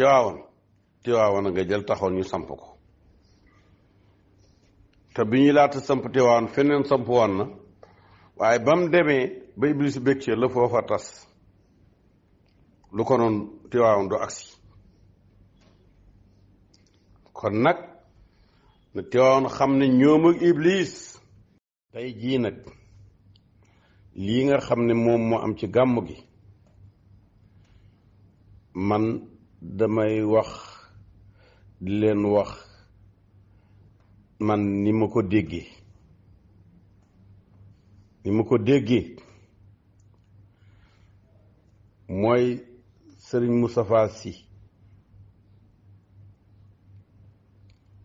tiwaawoon tiwaawoon a nga jël taxoon ñu samp ko te bi ñuy laata samp tiwaawoon feneen samp woon na waaye ba mu demee ba iblis bëgg la foofa tas lu ko noon tiwaawoon du agsi kon nag na tiwaawoon xam ne ñoom ak tey jii nag lii nga xam ne moom moo am ci gàmmu gi man damay wax di leen wax man ni ma ko déggee ni ma ko déggee mooy sëriñ mu Sy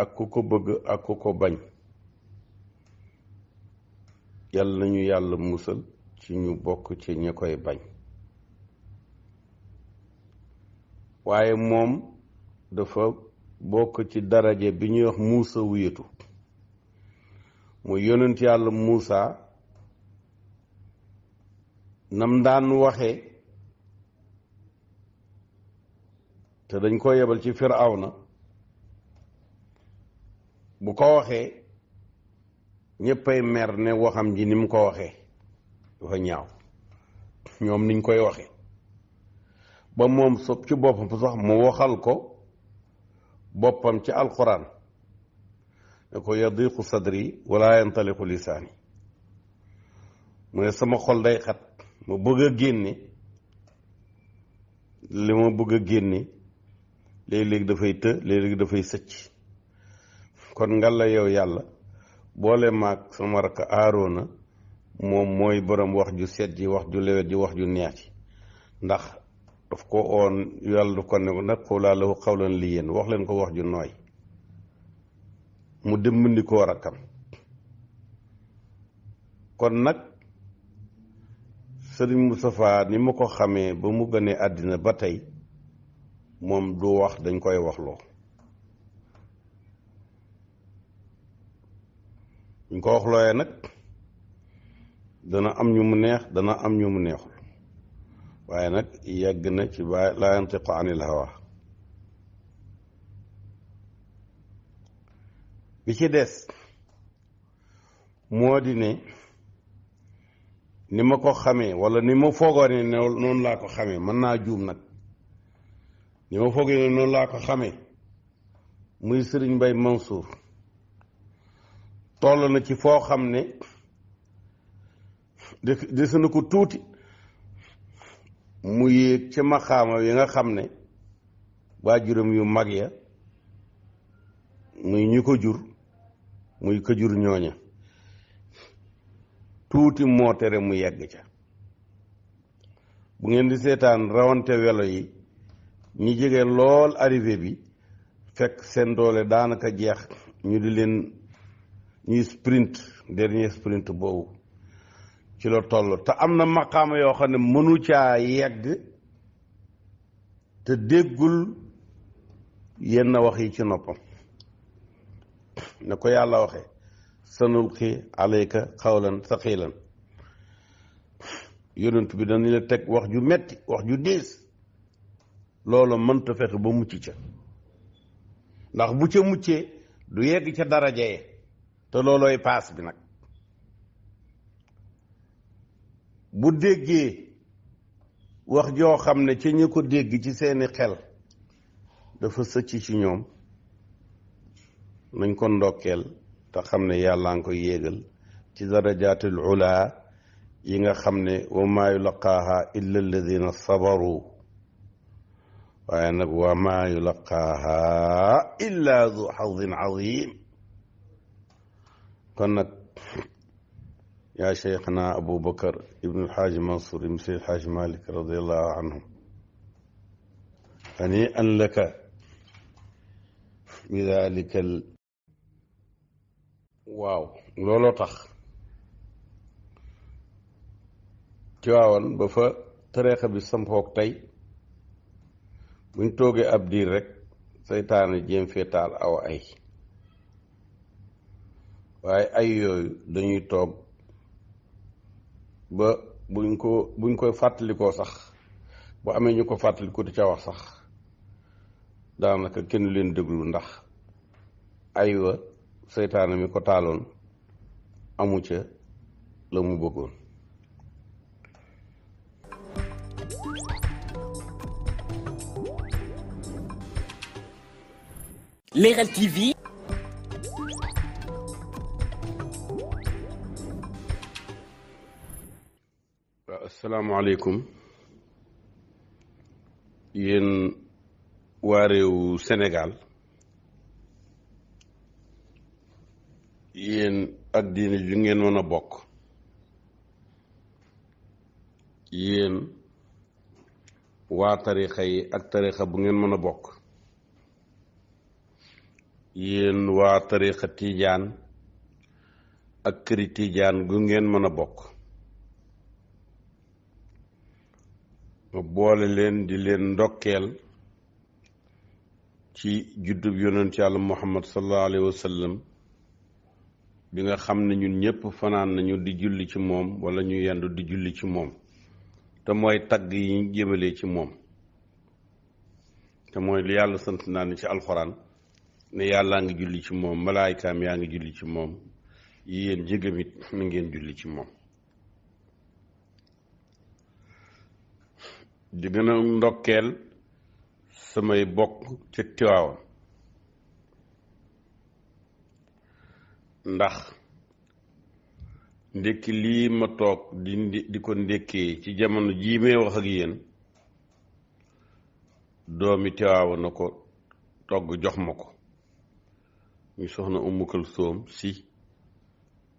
ak ku ko bëgg ak ku ko bañ yàlla nañu yàlla musal ci ñu bokk ci ña koy bañ waaye moom dafa bokk ci daraje bi ñuy wax muusa wiyatu muy yonent yàlla muusa nam daan waxe te dañ ko yebal ci na bu ko waxee ñëppay mer ne waxam ji ni mu ko waxee dafa ñaaw ñoom niñ koy waxee ba moom sopp ci boppam sax mu waxal ko boppam ci alxuraan ne ko yadiqu sadri wala yantaliqu lisaani mu ne sama xol day xat ma bëgg a génne li ma bëgg a génne léeg-léeg dafay të léeg dafay sëcc kon nga la yow yàlla boole maag sama rakk aaroona moom mooy borom wax ju set ji wax ju lewet ji wax ju neex ji ndax daf ko oon yàlla du ko ne nag xawlaa lahu xawlan liyin wax leen ko wax ju nooy mu dimbali rakkam kon nag sëriñ Moustapha ni ma ko xamee ba mu gënee àddina ba tey moom du wax dañ koy waxloo buñ ko waxlooyee nag dana am ñu mu neex dana am ñu mu neexu waaye nag yegg na ci ba laa yantiqu anil hawa bi ci des moo di ne ni ma ko xamee wala ni ma foogoone ne noonu laa ko xamee mën naa juum nag ni ma foogee ne noonu laa ko xamee muy sëriñ Mbay Mansour toll na ci foo xam ne des na ko tuuti mu yéeg ca maxaama yi nga xam ne waa waajuram yu mag ya muy ñu ko jur muy ko jur ñooña tuuti moo tere mu yegg ca bu ngeen di seetaan rawante welo yi ñu jege lool arrivé bi fekk seen doole daanaka jeex ñu di leen ñuy sprint dernier sprint boobu ci la toll te am na maqaama yoo xam ne mënu caa yegg te déggul yenn wax yi ci noppam ne ko yàlla waxe waxee sanulqi alayka xawlan saqilan yonent bi dañu teg wax ju metti wax ju diis loolu mënta fexe ba mucc ca ndax bu ca muccee du yegg ca daraja ye te loolooy paas bi nag bu déggee wax joo xam ne ci ñu ko dégg ci seeni xel dafa sëcc ci ñoom nañ ko ndokkeel te xam ne yàllaa ngi ko yéegal ci darajaatil ula yi nga xam ne wa maa yulaqaaha illa alladina sabaru waaye wa maa yulaqaaha illa du xadin azim kon nag yaa cheikhana aboubacar ibnu alxaaji mansour ibnu seydi alxaaji malik radiallahu anhu hani an laka bi dalika waaw looloo tax ci waawan ba fa tariixa bi sampoog tey buñ toogee ab diir rek seytaane jéem fee taal aw ay waaye ay yooyu dañuy toog ba buñ ko buñ koy fàttalikoo sax bu amee ñu ko fàttaliku di ca wax sax daanaka kenn leen déglu ndax aywa seytaane mi ko taaloon amu ca la mu bëggoon asalaamualeykum yéen waa réewu Sénégal yéen ak diine ju ngeen mën a bokk yéen waa tarixa yi ak tarixa bu ngeen mën a bokk yéen waa tarixa tiijaan ak këri tiijaan gu ngeen mën a bokk ba boole leen di leen ndokkeel ci juddub yonent yàlla muhammad sallallahu alayhi wa bi nga xam ne ñun ñëpp fanaan nañu di julli ci moom wala ñu yendu di julli ci moom te mooy tagg yi ñu ci moom te mooy lu yàlla sant naa ni ci alxuraan ne yàllaa ngi julli ci moom malaayikaam yaa ngi julli ci moom yéen jégam it mi ngeen julli ci moom di gën a ndokkeel samay bokk ca Tiwaawan ndax ndékki lii ma toog di di ko ndékkee ci jamono jii may wax ak yéen doomi Tiwaawan na ko togg jox ma ko ñu soxna Umu Kalsoom si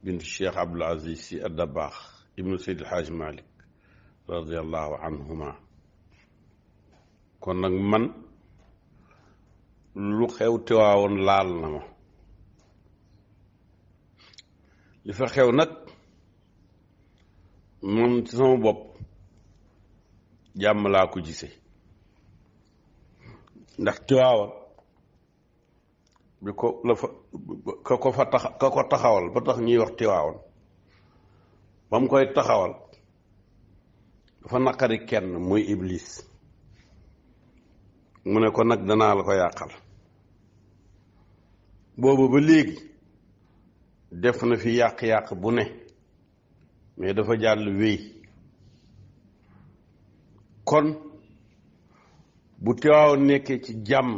bint Cheikh Abdul Aziz si Addabaax ibnu Seydil Haaj Malik radiallahu anhuma kon nag man lu xew tiwaawoon laal na ma li fa xew nag man ci sama bopp jàmm laa ko gise ndax tiwaawoon bi ko la fa ka ko fa tax ka ko taxawal ba tax ñuy wax tiwaawoon ba koy taxawal dafa naqari kenn muy iblis mu ne ko nag danaa la ko yàqal boobu ba léegi def na fi yàq-yàq bu ne mais dafa jàll wéy kon bu teewaaw nekkee ci jàmm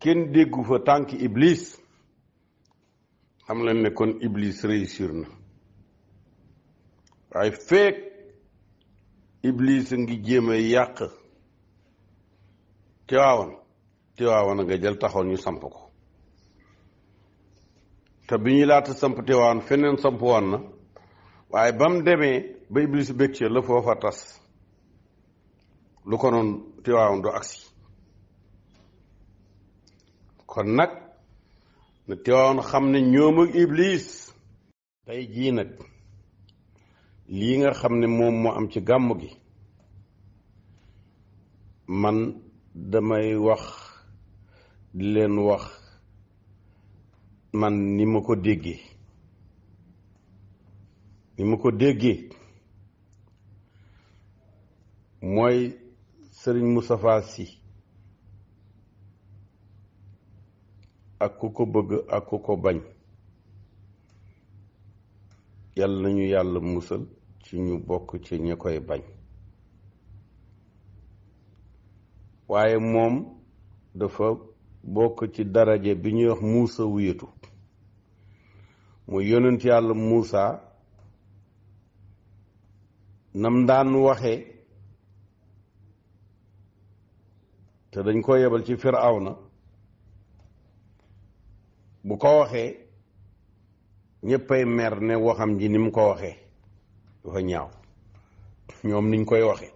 kenn déggu fa tànk iblis xam la ne kon iblis réussir na waaye feek iblis ngi jéem a yàq tiwaawan tiwaawan nga jël taxoon ñu samp ko te bi ñuy laata samp tiwaawan feneen samp woon na waaye ba mu demee ba iblis bëgg la foofa tas lu ko noonu tiwaawan du agsi kon nag na tiwaawan xam ne ñoom ak iblis tey jii nag lii nga xam ne moom moo am ci gàmmu gi man damay wax di leen wax man ni ma ko déggee ni ma ko déggee mooy sëriñ mu Sy ak ku ko bëgg ak ku ko bañ yàlla nañu yàlla musal ci ñu bokk ci ñu koy bañ waaye moom dafa bokk ci daraje bi ñuy wax muusa wuyatu mu yonent yàlla muusa nam daan waxe te dañ ko yebal ci na bu ko waxee ñëppay mer ne waxam ji ni mu ko waxee dafa ñaaw ñoom niñ koy waxee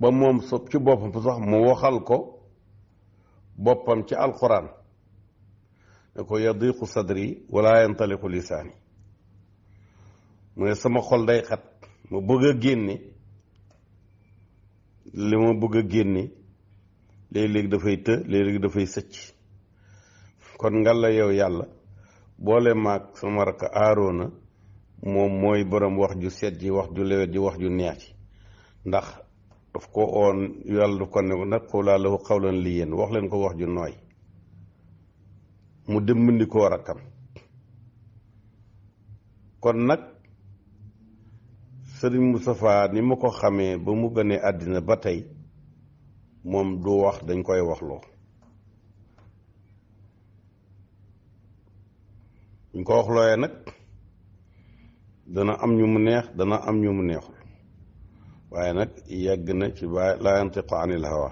ba moom sopp ci boppam sax mu waxal ko boppam ci alxuraan ne ko yadiqu sadri wala yantaliqu yi mu ne sama xol day xat ma bëgg a génne li ma bëgg a génne léeg-léeg dafay të léeg dafay sëcc kon nga la yow yàlla boole maag sama rakk aaroona moom mooy borom wax ju set ji wax ju lewet ji wax ju neex ji ndax daf ko oon yàlla du ko ne nag xawlaa lahu xawlan liyin wax leen ko wax ju nooy mu dimbali ko rakkam kon nag sëriñ Moustapha ni ma ko xamee ba mu gënee àddina ba tey moom du wax dañ koy waxloo ñu ko waxlooyee nag dana am ñu mu neex dana am ñu mu neexul waaye nag yegg na ci ba laa yantiqu anil hawa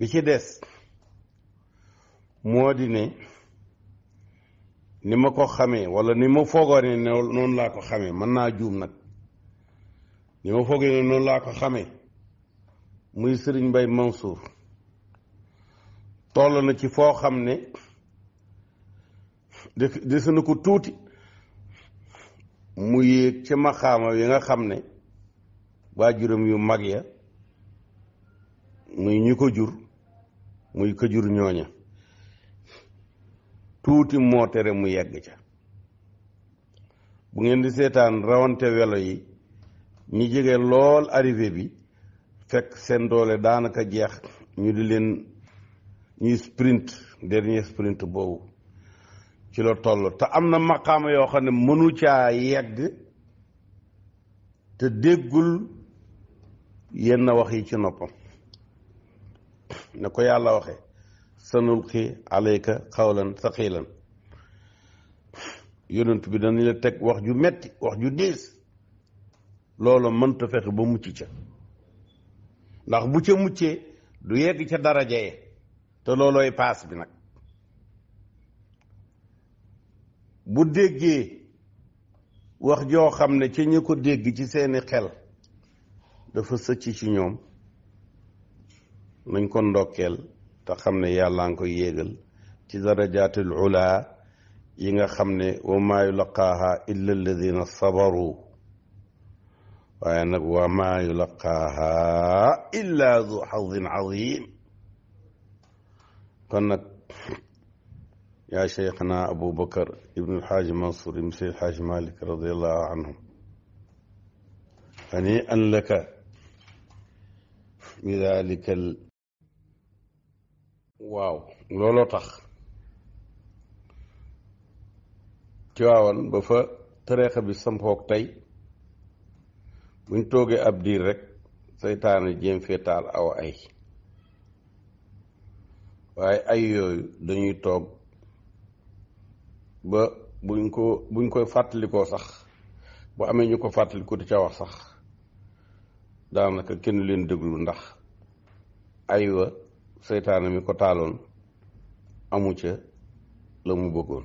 bi ci des moo di ne ni ma ko xamee wala ni ma foogoo ne noonu laa ko xamee mën naa juum nag ni ma foogee ne noonu laa ko xamee muy sëriñ Mbay Mansour toll na ci foo xam ne des na ko tuuti mu yéeg ca maxaama wi nga xam ne waa waajuram yu mag ya muy ñi ko jur muy ko jur ñooña tuuti moo tere mu yegg ca bu ngeen di seetaan rawante welo yi ñi jege lool arrivé bi fekk seen doole daanaka jeex ñu di leen ñuy sprint dernier sprint boobu ci la toll te am na maqaama yoo xam ne mënu caa yegg te déggul yenn wax yi ci noppam ne ko yàlla waxe sanulqi alayka xawlan saqilan yonent bi danañ la teg wax ju metti wax ju diis loolu mënta fexe ba mucc ca ndax bu ca muccee du yegg ca daraja ye te loolooy paas bi nag bu déggee wax joo xam ne ci ñi ko dégg ci seeni xel dafa sëcc ci ñoom nañ ko ndokkeel te xam ne yàllaa ngi koy yéegal ci darajaatil ulaa yi nga xam ne wa ma yulaqaaha illa alladina sabaru wa maa yulaqaaha du xadin azim kon nag yaa cheikhana aboubacar ibnu alxaaji mansour ibnu seydi alxaaji malik radiallahu anhum hani an laka bi dalikal waaw looloo tax Tiwaawan ba fa tariixa bi sampoog tey buñ toogee ab diir rek seytaane jéem fee taal aw ay waaye ay yooyu dañuy toog ba buñ ko buñ koy fàttalikoo sax bu amee ñu ko fàttaliku di ca wax sax daanaka kenn leen déglu ndax aywa seytaane mi ko taaloon amu ca la mu bëggoon